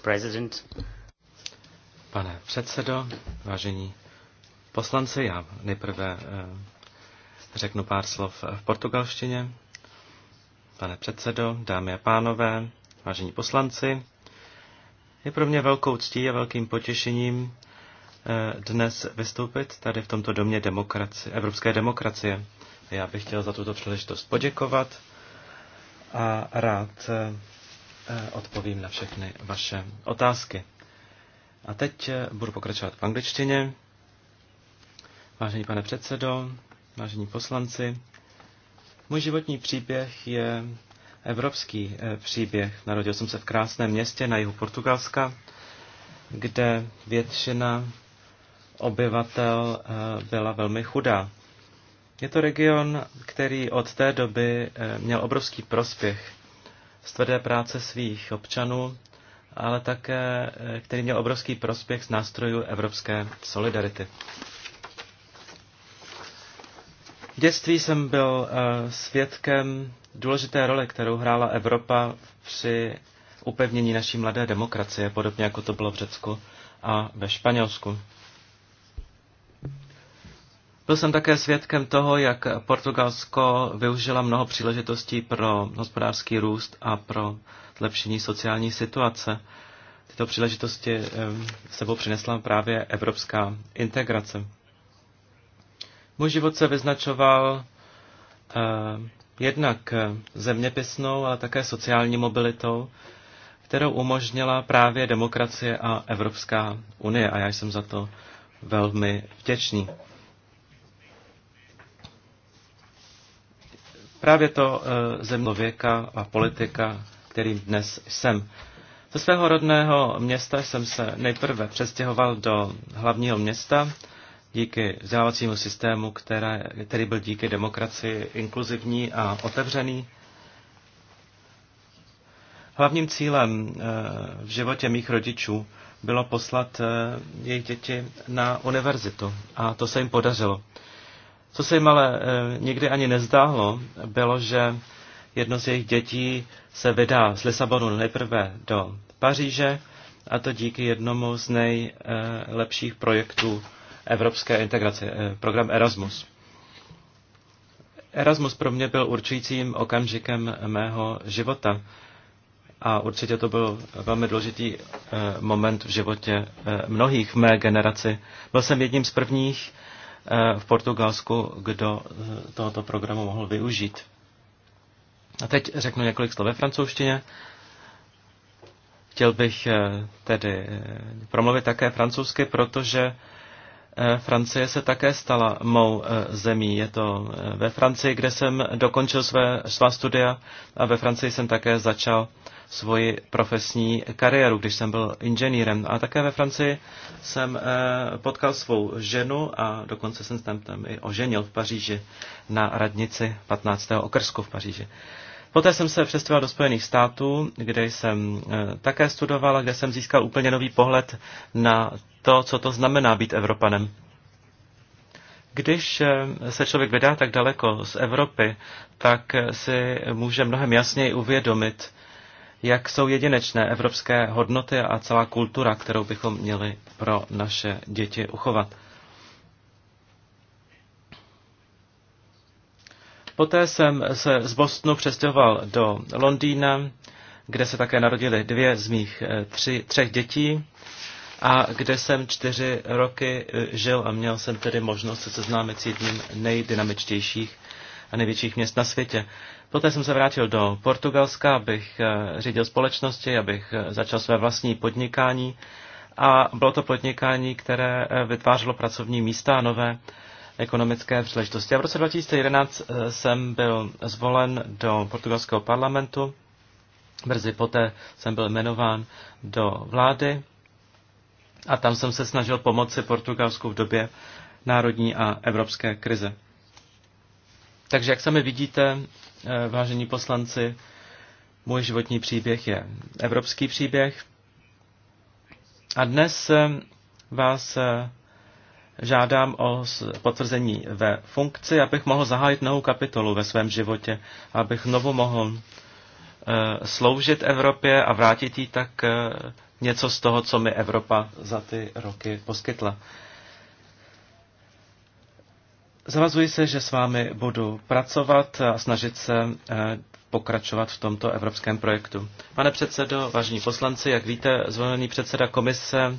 President. Pane předsedo, vážení poslanci, já nejprve eh, řeknu pár slov v portugalštině. Pane předsedo, dámy a pánové, vážení poslanci, je pro mě velkou ctí a velkým potěšením eh, dnes vystoupit tady v tomto domě demokraci, evropské demokracie. Já bych chtěl za tuto příležitost poděkovat a rád eh, Eh, odpovím na všechny vaše otázky. A teď eh, budu pokračovat v angličtině. Vážený pane předsedo, vážení poslanci, můj životní příběh je evropský eh, příběh. Narodil jsem se v krásném městě na jihu Portugalska, kde většina obyvatel byla velmi chudá. Je to region, který od té doby měl obrovský prospěch z tvrdé práce svých občanů, ale také, eh, který měl obrovský prospěch z nástrojů evropské solidarity. V dětství jsem byl eh, svědkem důležité role, kterou hrála Evropa při upevnění naší mladé demokracie, podobně jako to bylo v Řecku a ve Španělsku. Byl jsem také svědkem toho, jak Portugalsko využila mnoho příležitostí pro hospodářský růst a pro zlepšení sociální situace. Tyto příležitosti sebou přinesla právě evropská integrace. Můj život se vyznačoval jednak zeměpisnou, ale také sociální mobilitou, kterou umožnila právě demokracie a Evropská unie a já jsem za to velmi vděčný. Právě to eh, zemlověka a politika, kterým dnes jsem. Ze svého rodného města jsem se nejprve přestěhoval do hlavního města díky vzdělávacímu systému, které, který byl díky demokracii inkluzivní a otevřený. Hlavním cílem eh, v životě mých rodičů bylo poslat eh, jejich děti na univerzitu a to se jim podařilo. Co se jim ale eh, nikdy ani nezdálo, bylo, že jedno z jejich dětí se vydá z Lisabonu nejprve do Paříže, a to díky jednomu z nejlepších eh, projektů evropské integrace, eh, program Erasmus. Erasmus pro mě byl určujícím okamžikem mého života a určitě to byl velmi důležitý moment v životě mnohých v mé generaci. Byl jsem jedním z prvních Eh, v Portugalsku, kdo eh, tohoto programu mohl využít. A teď řeknu několik slov ve francouzštině. Chtěl bych eh, tedy promluvit také francouzsky, protože Eh, Francie se také stala mou eh, zemí. Je to eh, ve Francii, kde jsem dokončil své, svá studia a ve Francii jsem také začal svoji profesní kariéru, když jsem byl inženýrem. A také ve Francii jsem potkal svou ženu a dokonce jsem tam, tam i oženil v Paříži na radnici 15. okrsku v Paříži. Poté jsem se přestěhoval do Spojených států, kde jsem eh, také studoval a kde jsem získal úplně nový pohled na to, co to znamená být Evropanem. Když eh, se člověk vydá tak daleko z Evropy, tak eh, si může mnohem jasněji uvědomit, jak jsou jedinečné evropské hodnoty a celá kultura, kterou bychom měli pro naše děti uchovat. Poté jsem se z Bostonu přestěhoval do Londýna, kde se také narodily dvě z mých eh, tři, třech dětí a kde jsem čtyři roky eh, žil a měl jsem tedy možnost se seznámit s jedním nejdynamičtějších a největších měst na světě. Poté jsem se vrátil do Portugalska, abych eh, řídil společnosti, abych začal své vlastní podnikání a bylo to podnikání, které vytvářelo pracovní místa a nové ekonomické příležitosti. A v roce 2011 eh, jsem byl zvolen do portugalského parlamentu. Brzy poté jsem byl jmenován do vlády a tam jsem se snažil pomoci Portugalsku v době národní a evropské krize. Takže jak sami vidíte, eh, vážení poslanci, můj životní příběh je evropský příběh. A dnes eh, vás žádám o potvrzení ve funkci, abych mohl zahájit novou kapitolu ve svém životě, abych znovu mohl eh, sloužit Evropě a vrátit jí tak eh, něco z toho, co mi Evropa za ty roky poskytla. Zavazuji se, že s vámi budu pracovat a snažit se eh, pokračovat v tomto evropském projektu. Pane předsedo, vážení poslanci, jak víte, zvolený předseda komise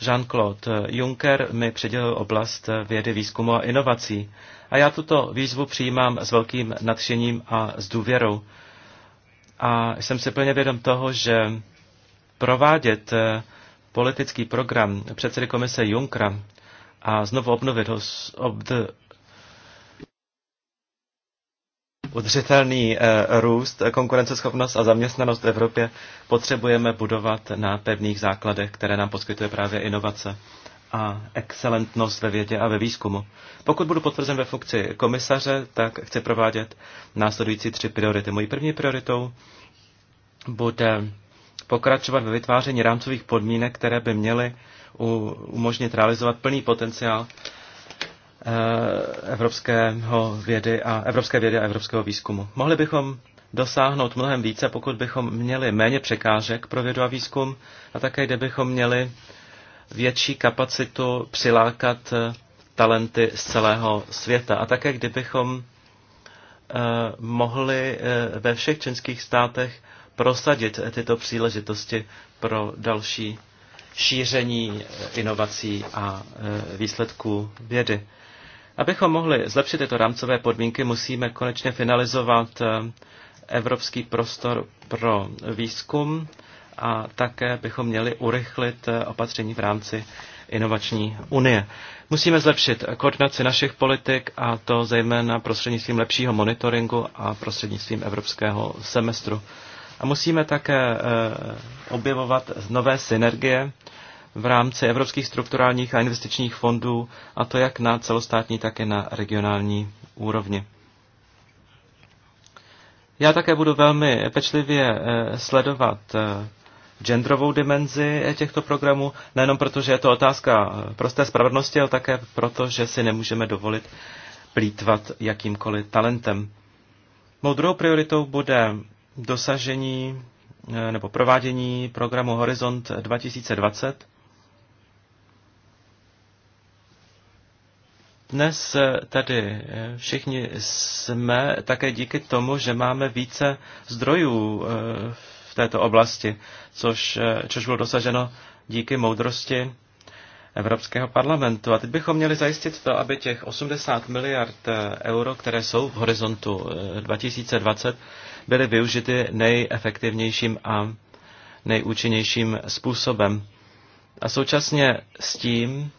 Jean-Claude Juncker mi předělil oblast vědy, výzkumu a inovací. A já tuto výzvu přijímám s velkým nadšením a s důvěrou. A jsem si plně vědom toho, že provádět eh, politický program předsedy komise Junckera a znovu obnovit, udržitelný eh, růst, konkurenceschopnost a zaměstnanost v Evropě potřebujeme budovat na pevných základech, které nám poskytuje právě inovace a excelentnost ve vědě a ve výzkumu. Pokud budu potvrzen ve funkci komisaře, tak chci provádět následující tři priority. Mojí první prioritou bude pokračovat ve vytváření rámcových podmínek, které by měly umožnit realizovat plný potenciál Eh, evropského vědy a, evropské vědy a evropského výzkumu. Mohli bychom dosáhnout mnohem více, pokud bychom měli méně překážek pro vědu a výzkum a také kdybychom měli větší kapacitu přilákat eh, talenty z celého světa. A také kdybychom eh, mohli ve všech českých státech prosadit tyto příležitosti pro další šíření inovací a výsledků vědy. Abychom mohli zlepšit tyto rámcové podmínky, musíme konečně finalizovat eh, evropský prostor pro výzkum a také bychom měli urychlit eh, opatření v rámci inovační unie. Musíme zlepšit koordinaci našich politik a to zejména prostřednictvím lepšího monitoringu a prostřednictvím evropského semestru. A musíme také eh, objevovat nové synergie v rámci evropských strukturálních a investičních fondů, a to jak na celostátní, tak i na regionální úrovni. Já také budu velmi pečlivě eh, sledovat eh, genderovou dimenzi eh, těchto programů, nejenom že je to otázka prosté spravedlnosti, ale také proto, že si nemůžeme dovolit plítvat jakýmkoliv talentem. Mou druhou prioritou bude dosažení nebo provádění programu Horizont 2020. Dnes eh, tady eh, všichni jsme také díky tomu, že máme více zdrojů eh, v této oblasti, což, což bylo dosaženo díky moudrosti Evropského parlamentu. A teď bychom měli zajistit to, aby těch 80 miliard euro, které jsou v horizontu 2020, byly využity nejefektivnějším a nejúčinnějším způsobem. A současně s tím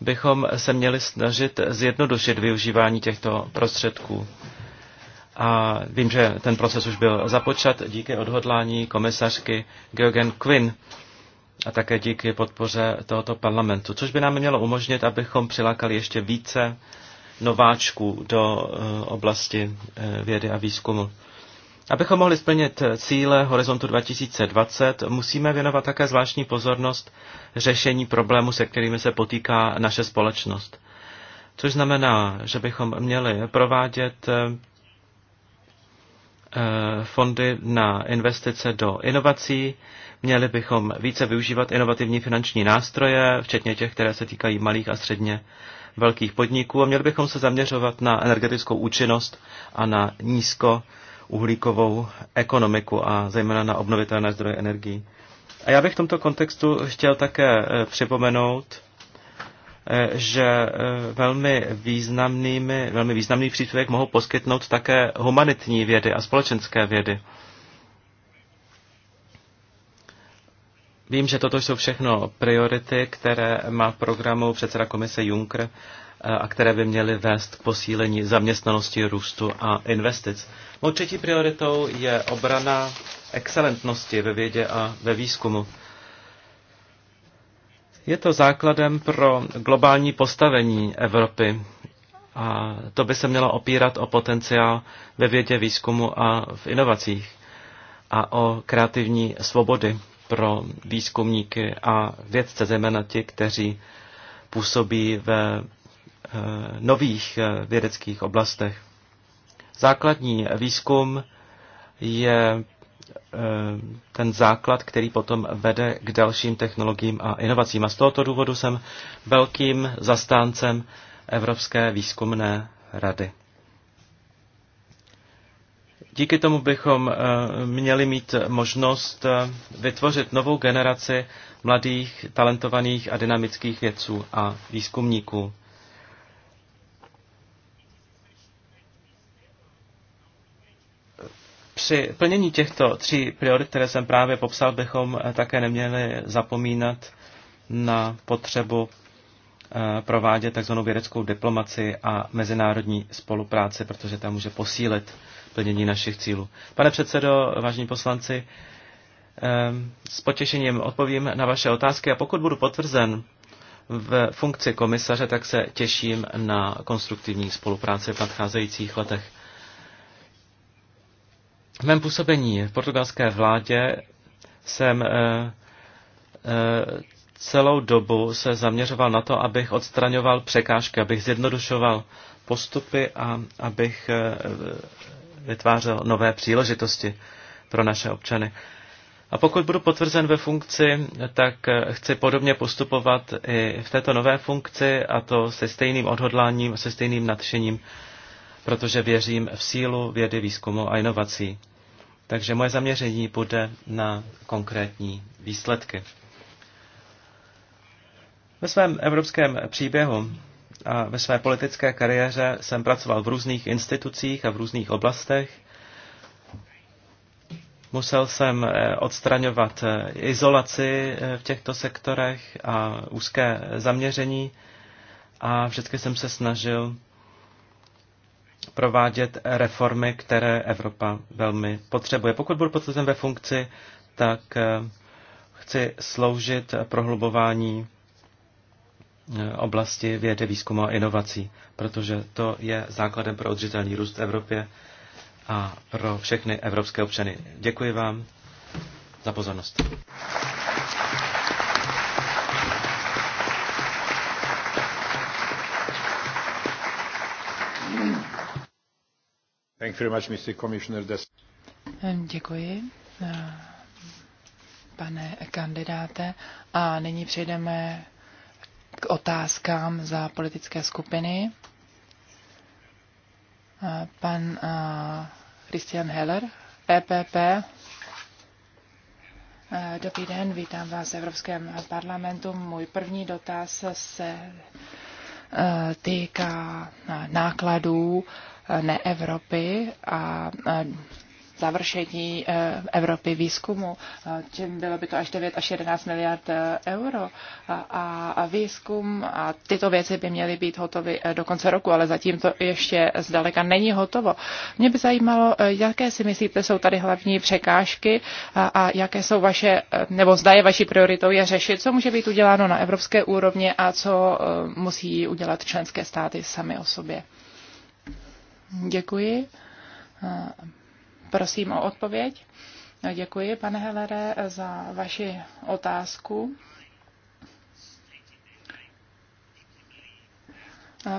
bychom se měli snažit zjednodušit využívání těchto prostředků. A vím, že ten proces už byl započat díky odhodlání komisařky Georgen Quinn a také díky podpoře tohoto parlamentu, což by nám mělo umožnit, abychom přilákali ještě více nováčků do eh, oblasti eh, vědy a výzkumu. Abychom mohli splnit cíle Horizontu 2020, musíme věnovat také zvláštní pozornost řešení problémů, se kterými se potýká naše společnost. Což znamená, že bychom měli provádět eh, eh, fondy na investice do inovací, měli bychom více využívat inovativní finanční nástroje, včetně těch, které se týkají malých a středně velkých podniků a měli bychom se zaměřovat na energetickou účinnost a na nízko uhlíkovou ekonomiku a zejména na obnovitelné zdroje energií. A já bych v tomto kontextu chtěl také e, připomenout, e, že e, velmi, významnými, velmi významný příspěvek mohou poskytnout také humanitní vědy a společenské vědy. Vím, že toto jsou všechno priority, které má v programu předseda komise Juncker Eh, a které by měly vést k posílení zaměstnanosti, růstu a investic. Mou třetí prioritou je obrana excelentnosti ve vědě a ve výzkumu. Je to základem pro globální postavení Evropy a to by se mělo opírat o potenciál ve vědě, výzkumu a v inovacích a o kreativní svobody pro výzkumníky a vědce, zejména ti, kteří působí ve Eh, nových eh, vědeckých oblastech. Základní výzkum je eh, ten základ, který potom vede k dalším technologiím a inovacím. A z tohoto důvodu jsem velkým zastáncem Evropské výzkumné rady. Díky tomu bychom měli mít možnost vytvořit novou generaci mladých, talentovaných a dynamických vědců a výzkumníků. při plnění těchto tří priorit, které jsem právě popsal, bychom eh, také neměli zapomínat na potřebu eh, provádět takzvanou vědeckou diplomaci a mezinárodní spolupráci, protože ta může posílit plnění našich cílů. Pane předsedo, vážení poslanci, eh, s potěšením odpovím na vaše otázky a pokud budu potvrzen v funkci komisaře, tak se těším na konstruktivní spolupráci v nadcházejících letech. V mém působení v portugalské vládě jsem eh, eh, celou dobu se zaměřoval na to, abych odstraňoval překážky, abych zjednodušoval postupy a abych eh, vytvářel nové příležitosti pro naše občany. A pokud budu potvrzen ve funkci, tak chci podobně postupovat i v této nové funkci a to se stejným odhodláním, se stejným nadšením, protože věřím v sílu vědy, výzkumu a inovací. Takže moje zaměření bude na konkrétní výsledky. Ve svém evropském příběhu a ve své politické kariéře jsem pracoval v různých institucích a v různých oblastech. Musel jsem eh, odstraňovat eh, izolaci eh, v těchto sektorech a úzké zaměření a vždycky jsem se snažil provádět reformy, které Evropa velmi potřebuje. Pokud budu potvrzen ve funkci, tak eh, chci sloužit prohlubování eh, oblasti vědy, výzkumu a inovací, protože to je základem pro odřitelný růst v Evropě a pro všechny evropské občany. Děkuji vám za pozornost. Děkuji, eh, pane kandidáte. A nyní přejdeme k otázkám za politické skupiny. Eh, pan eh, Christian Heller, EPP. Dobrý den, vítám vás v Evropském parlamentu. Můj první dotaz se týká nákladů ne Evropy a završení e, Evropy výzkumu. Čím e, bylo by to až 9 až 11 miliard e, euro. A, a výzkum a tyto věci by měly být hotovy do konce roku, ale zatím to ještě zdaleka není hotovo. Mě by zajímalo, jaké si myslíte, jsou tady hlavní překážky a, a jaké jsou vaše, nebo zda je vaší prioritou je řešit, co může být uděláno na evropské úrovni a co musí udělat členské státy sami o sobě. Děkuji. Prosím o odpověď. Děkuji, pane Helere, za vaši otázku.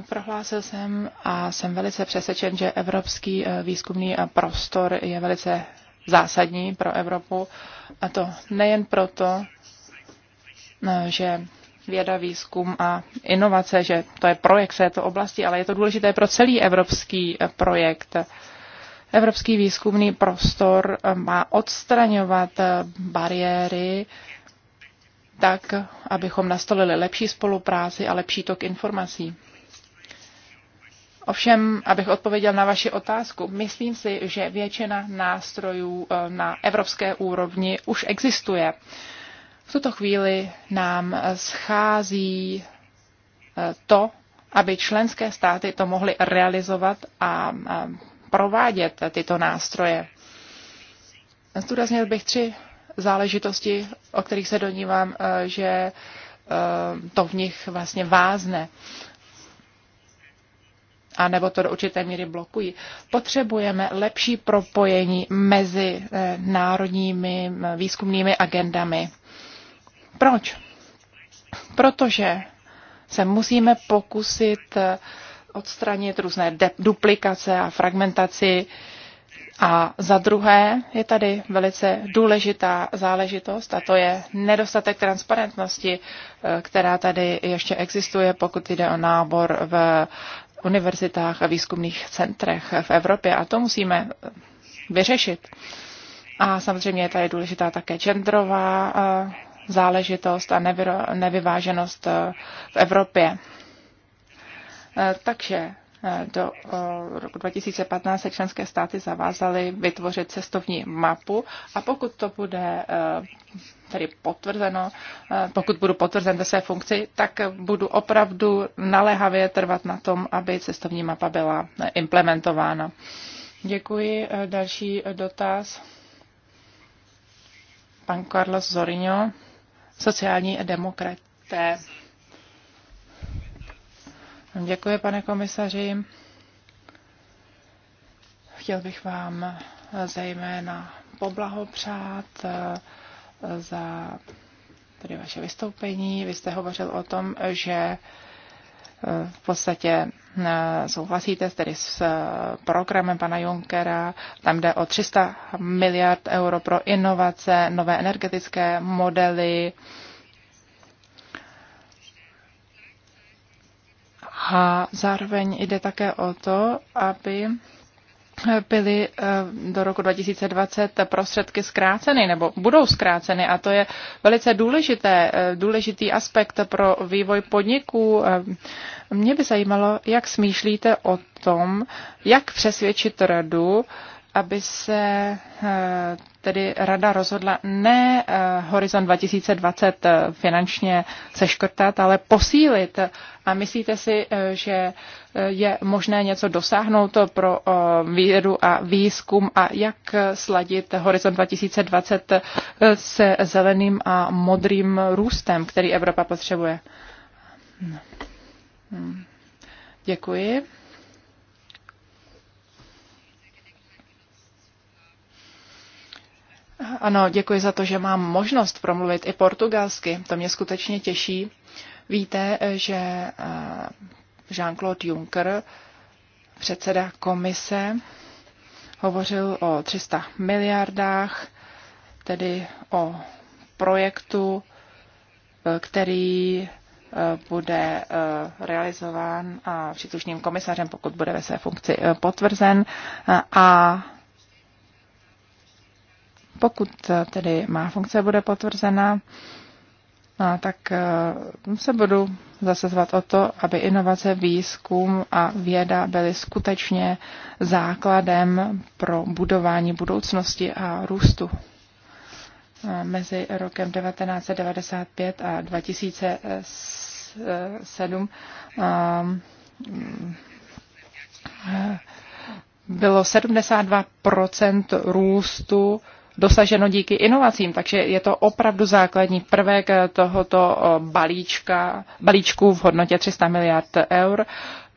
Prohlásil jsem a jsem velice přesvědčen, že evropský e, výzkumný prostor je velice zásadní pro Evropu. A to nejen proto, e, že věda, výzkum a inovace, že to je projekt v této oblasti, ale je to důležité pro celý evropský eh, projekt. Evropský výzkumný prostor eh, má odstraňovat eh, bariéry tak, abychom nastolili lepší spolupráci a lepší tok informací. Ovšem, abych odpověděl na vaši otázku, myslím si, že většina nástrojů na evropské úrovni už existuje. V tuto chvíli nám eh, schází eh, to, aby členské státy to mohly realizovat a provádět tyto nástroje. Zdůraznil bych tři záležitosti, o kterých se donívám, eh, že to v nich vlastně vázne a nebo to do určité míry blokují. Potřebujeme lepší propojení mezi národními výzkumnými agendami proč? Protože se musíme pokusit eh, odstranit různé duplikace a fragmentaci. A za druhé je tady velice důležitá záležitost a to je nedostatek transparentnosti, eh, která tady ještě existuje, pokud jde o nábor v univerzitách a výzkumných centrech v Evropě. A to musíme eh, vyřešit. A samozřejmě je tady důležitá také genderová záležitost a nevyváženost eh, v Evropě. Eh, takže eh, do roku 2015 se členské státy zavázaly vytvořit cestovní mapu a pokud to bude tedy potvrzeno, pokud budu potvrzen ve své funkci, tak budu opravdu naléhavě trvat na tom, aby cestovní mapa byla implementována. Děkuji. Další dotaz. Pan Carlos Zorino sociální demokraté. Děkuji, pane komisaři. Chtěl bych vám zejména poblahopřát eh, za tedy vaše vystoupení. Vy jste hovořil o tom, že eh, v podstatě Eh, souhlasíte tedy s eh, programem pana Junckera. Tam jde o 300 miliard euro pro inovace, nové energetické modely. A zároveň jde také o to, aby byly eh, do roku 2020 prostředky zkráceny nebo budou zkráceny a to je velice důležité, eh, důležitý aspekt pro vývoj podniků. Eh, mě by zajímalo, jak smýšlíte o tom, jak přesvědčit radu, aby se eh, tedy rada rozhodla ne eh, Horizon 2020 eh, finančně seškrtat, ale posílit. A myslíte si, že je možné něco dosáhnout pro vědu a výzkum a jak sladit Horizon 2020 se zeleným a modrým růstem, který Evropa potřebuje? No. Hmm. Děkuji. Ano, děkuji za to, že mám možnost promluvit i portugalsky. To mě skutečně těší. Víte, že eh, Jean-Claude Juncker, předseda komise, hovořil o 300 miliardách, tedy o projektu, eh, který eh, bude realizován A příslušným komisařem, pokud bude ve své funkci potvrzen. A pokud eh, tedy má funkce bude potvrzena, no, tak eh, se budu zasazovat o to, aby inovace, výzkum a věda byly skutečně základem pro budování budoucnosti a růstu. Eh, mezi rokem 1995 a 2007 ehm, bylo 72 růstu dosaženo díky inovacím. Takže je to opravdu základní prvek tohoto balíčka, balíčku v hodnotě 300 miliard eur.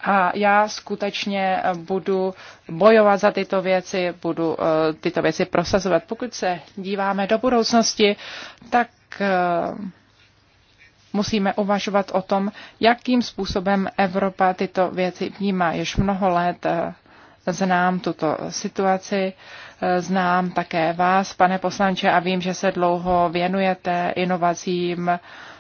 A já skutečně budu bojovat za tyto věci, budu tyto věci prosazovat. Pokud se díváme do budoucnosti, tak musíme uvažovat o tom, jakým způsobem Evropa tyto věci vnímá. Jež mnoho let znám tuto situaci, eh, znám také vás, pane poslanče, a vím, že se dlouho věnujete inovacím.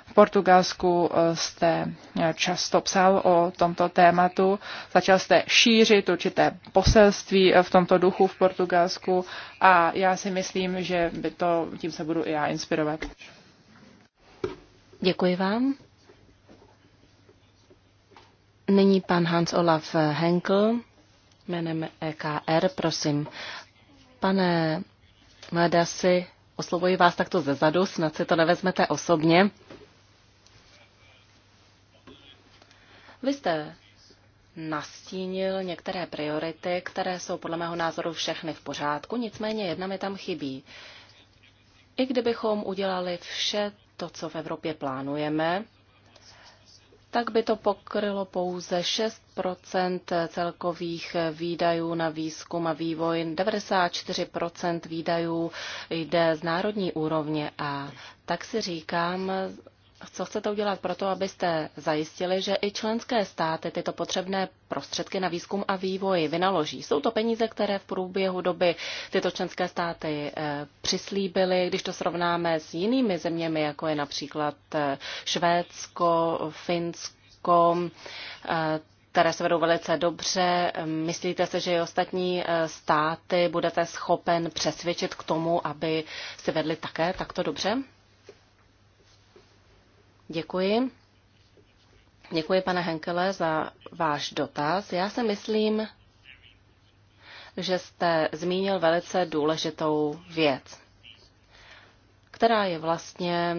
V Portugalsku eh, jste eh, často psal o tomto tématu, začal jste šířit určité poselství v tomto duchu v Portugalsku a já si myslím, že by to, tím se budu i já inspirovat. Děkuji vám. Nyní pan Hans Olaf Henkel jménem EKR, prosím. Pane Madasi, oslovuji vás takto zadu, snad si to nevezmete osobně. Vy jste nastínil některé priority, které jsou podle mého názoru všechny v pořádku, nicméně jedna mi tam chybí. I kdybychom udělali vše to, co v Evropě plánujeme, tak by to pokrylo pouze 6 celkových výdajů na výzkum a vývoj. 94 výdajů jde z národní úrovně a tak si říkám, co chcete udělat pro to, abyste zajistili, že i členské státy tyto potřebné prostředky na výzkum a vývoj vynaloží? Jsou to peníze, které v průběhu doby tyto členské státy eh, přislíbily, když to srovnáme s jinými zeměmi, jako je například eh, Švédsko, Finsko, eh, které se vedou velice dobře. Myslíte si, že i ostatní státy budete schopen přesvědčit k tomu, aby si vedli také takto dobře? Děkuji. Děkuji, pane Henkele, za váš dotaz. Já si myslím, že jste zmínil velice důležitou věc, která je vlastně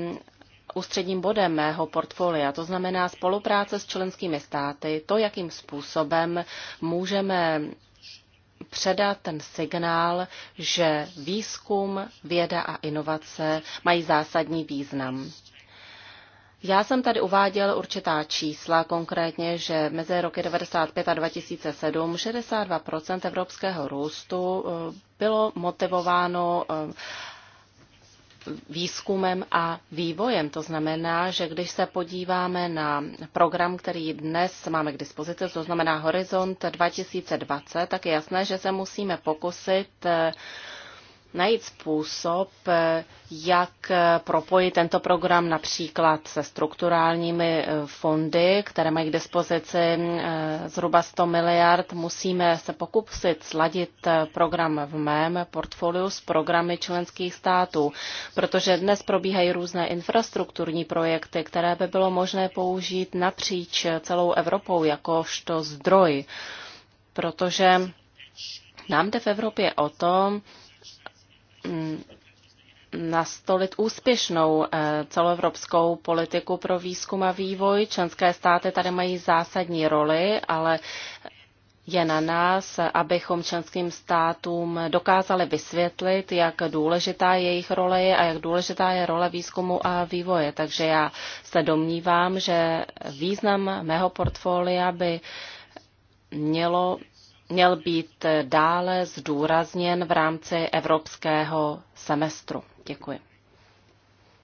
ústředním bodem mého portfolia, to znamená spolupráce s členskými státy, to, jakým způsobem můžeme předat ten signál, že výzkum, věda a inovace mají zásadní význam. Já jsem tady uváděl určitá čísla, konkrétně, že mezi roky 1995 a 2007 62% evropského růstu eh, bylo motivováno eh, výzkumem a vývojem. To znamená, že když se podíváme na program, který dnes máme k dispozici, to znamená Horizont 2020, tak je jasné, že se musíme pokusit eh, najít způsob, eh, jak eh, propojit tento program například se strukturálními eh, fondy, které mají k dispozici mm, zhruba 100 miliard. Musíme se pokusit sladit program v mém portfoliu s programy členských států, protože dnes probíhají různé infrastrukturní projekty, které by bylo možné použít napříč celou Evropou jakožto zdroj, protože nám jde v Evropě o tom, Mm, nastolit úspěšnou eh, celoevropskou politiku pro výzkum a vývoj. Členské státy tady mají zásadní roli, ale je na nás, abychom členským státům dokázali vysvětlit, jak důležitá jejich role je a jak důležitá je role výzkumu a vývoje. Takže já se domnívám, že význam mého portfolia by mělo měl být dále zdůrazněn v rámci evropského semestru. Děkuji.